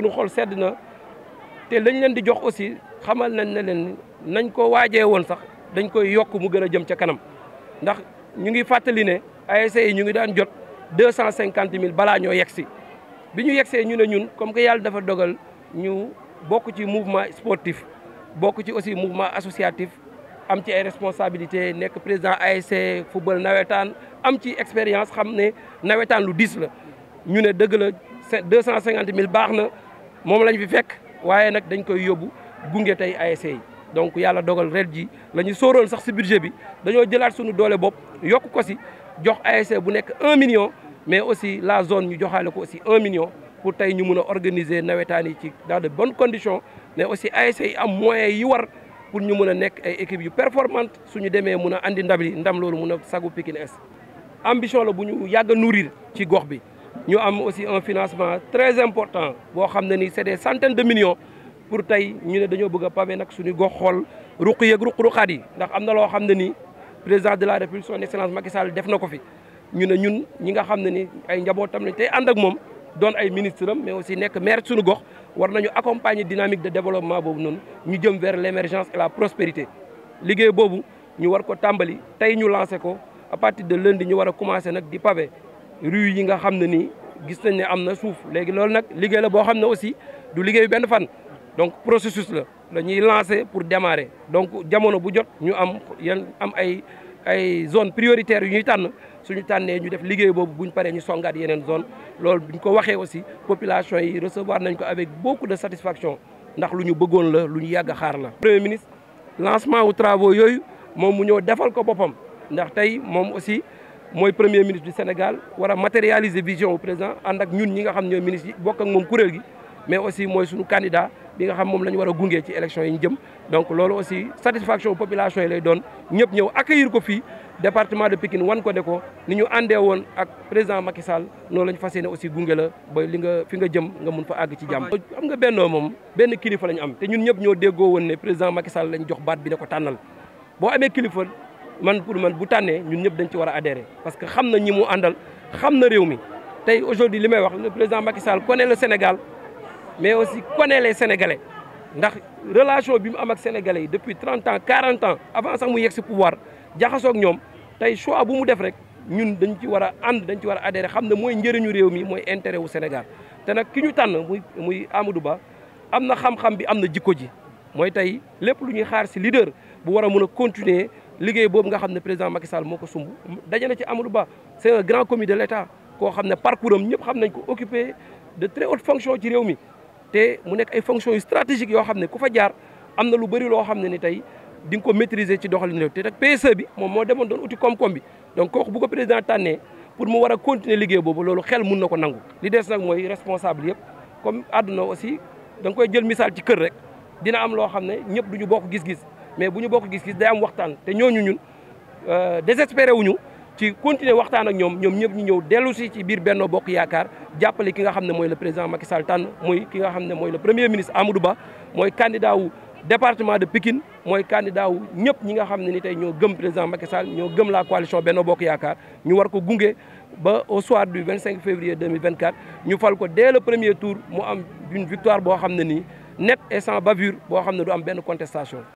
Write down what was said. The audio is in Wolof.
suñu xool sedd na te lañ leen di jox aussi xamal nañ ne leen nañ ko waajee woon sax dañ koy yokk mu gën a jëm ca kanam ndax ñu ngi fàttali ne ASC yi ñu ngi daan jot deux cent cinquante mille balaa ñoo yegsi bi ñu yegsee ñu ne ñun comme que yàlla dafa dogal ñu bokk ci mouvement sportif bokk ci aussi mouvement associatif am ci ay responsabilité nekk président ASC football nawetaan am ci expérience xam ne nawetaan lu diis la ñu ne dëgg la deux cent cinquante mille baax na moom lañ fi fekk waaye nag dañ koy yóbbu gunge tey ASC donc yàlla dogal ret ji la ñu sóoroon sax si budget bi dañoo jëlaat suñu doole bopp yokk ko si jox ASC bu nekk un million mais aussi la zone ñu joxaale ko aussi un million pour tey ñu mun a organiser nawetaan yi ci dans de bonnes conditions mais aussi ASC yi am moyens yi war pour ñu mun a nekk ay équipes yu su ñu demee mun a andi ndam li ndam loolu mun a sagu Pikine Est ambition la bu ñu yàgg a ci gox bi ñu am aussi un financement très important boo xam ne ni c'est des centaines de millions pour tey ñu ne dañoo bëgg a pavé nag suñu gox xool ruq yeeg ruq-ruqaat yi ndax am na loo xam ne ni président de la république son excellence Macky def na ko fi ñu ne ñun ñi nga xam ne ni ay njabootam ne tey ànd ak moom doon ay ministre am mais aussi nekk maire suñu gox war nañu accompagner dynamique de développement boobu noonu ñu jëm vers l'émergence et la prospérité liggéey boobu ñu war ko tàmbali tey ñu lancé ko à partir de lundi ñu war a commencer nag di pavé rue yi nga xam ne nii gis nañ ne am na suuf léegi loolu nag liggéey la boo xam ne aussi du liggéey benn fan donc processus la lañuy ñuy pour démarrer donc jamono bu jot ñu am yan am ay ay zone prioritaire yu ñuy tànn suñu tànnee ñu def liggéey boobu bu buñ paree ñu songaat yeneen zone loolu buñ ko waxee aussi population yi recevoir nañ ko avec beaucoup de satisfaction ndax lu ñu bëggoon la lu ñu yàgg xaar la premier ministre lancement wu travaux yooyu moom mu ñëw defal ko boppam mooy premier ministre du Sénégal war a matérialiser vision au président ànd ak ñun ñi nga xam ñooy ministre yi bokk ak moom kuréel gi mais aussi mooy suñu candidat bi nga xam moom la ñu war gungee ci élection yi ñu jëm donc loolu aussi satisfaction population yi lay doon ñëpp ñëw accueillir ko fii département de Pikine wan ko ne ko ni ñu àndee woon ak président Macky Sall noonu la ñu fas yéene aussi gunge la ba li nga fi nga jëm nga mun fa àgg ci jàmm. am nga bennoo moom benn kilifa la ñu am te ñun ñëpp ñoo déggoo woon ne président Macky Sall lañ jox baat bi ne ko tànnal boo amee man pour man bu tànnee ñun ñëpp dañ ci war a adhérer parce que xam na ñi mu àndal xam na réew mi tey aujourd'hui li may wax le président Macky Sall connaît le mais aussi connaît les Sénégalais ndax relation bi mu am ak Sénégalais yi depuis trente ans quarante ans avant sax mu yegg si pouvoir jaxasoog ñoom tey choix bu mu def rek ñun dañu ci war a ànd dañ ci war a adhérer xam ne mooy njëriñu réew mi mooy intérêt wu Sénégal te na ki ñu tànn muy muy Amadou Ba am na xam-xam bi am na jikko ji mooy tey lépp lu ñuy xaar si leader bu war a mun a continuer liggéey boobu nga xam ne président Macky moo ko sumb daje na ci Amadou Ba c'est un grand commis de l'État koo xam ne parcours am ñëpp xam nañ ko occupé de très hautes fonctions ci réew mi te mu nekk ay fonctions yu yoo xam ne ku fa jaar am na lu bëri loo xam ne ni tey di nga ko maîtriser ci doxalin réew te nag PSE bi moom moo demoon uti koom-koom bi donc kooku bu ko président tànnee pour mu war a continuer liggéey boobu loolu xel mun na ko nangu li des nag mooy responsable yëpp comme àdduna aussi da nga koy jël misaal ci kër rek dina am loo xam ne ñëpp duñu boo ko gis-gis mais bu ñu bokk gis-gis day am waxtaan te ñooñu ñun euh, désespéré wuñu ci continuer waxtaan ak ñoom ñoom ñëpp ñu ñëw dellu si ci biir Benno Bokk Yaakaar jàppale ki nga xam ne mooy le président Macky Sall tànn mooy ki nga xam ne mooy le premier ministre Amadou Ba mooy candidat wu département de Pikine mooy candidat wu ñëpp ñi nga xam ne ni tey ñoo gëm président Macky Sall ñoo gëm la coalition Benno Bokk Yaakaar ñu war ko gunge ba au soir du 25 février 2024 ñu fal ko dès le premier tour mu am une boo xam ne nii nette et sans boo xam ne du am benn contestation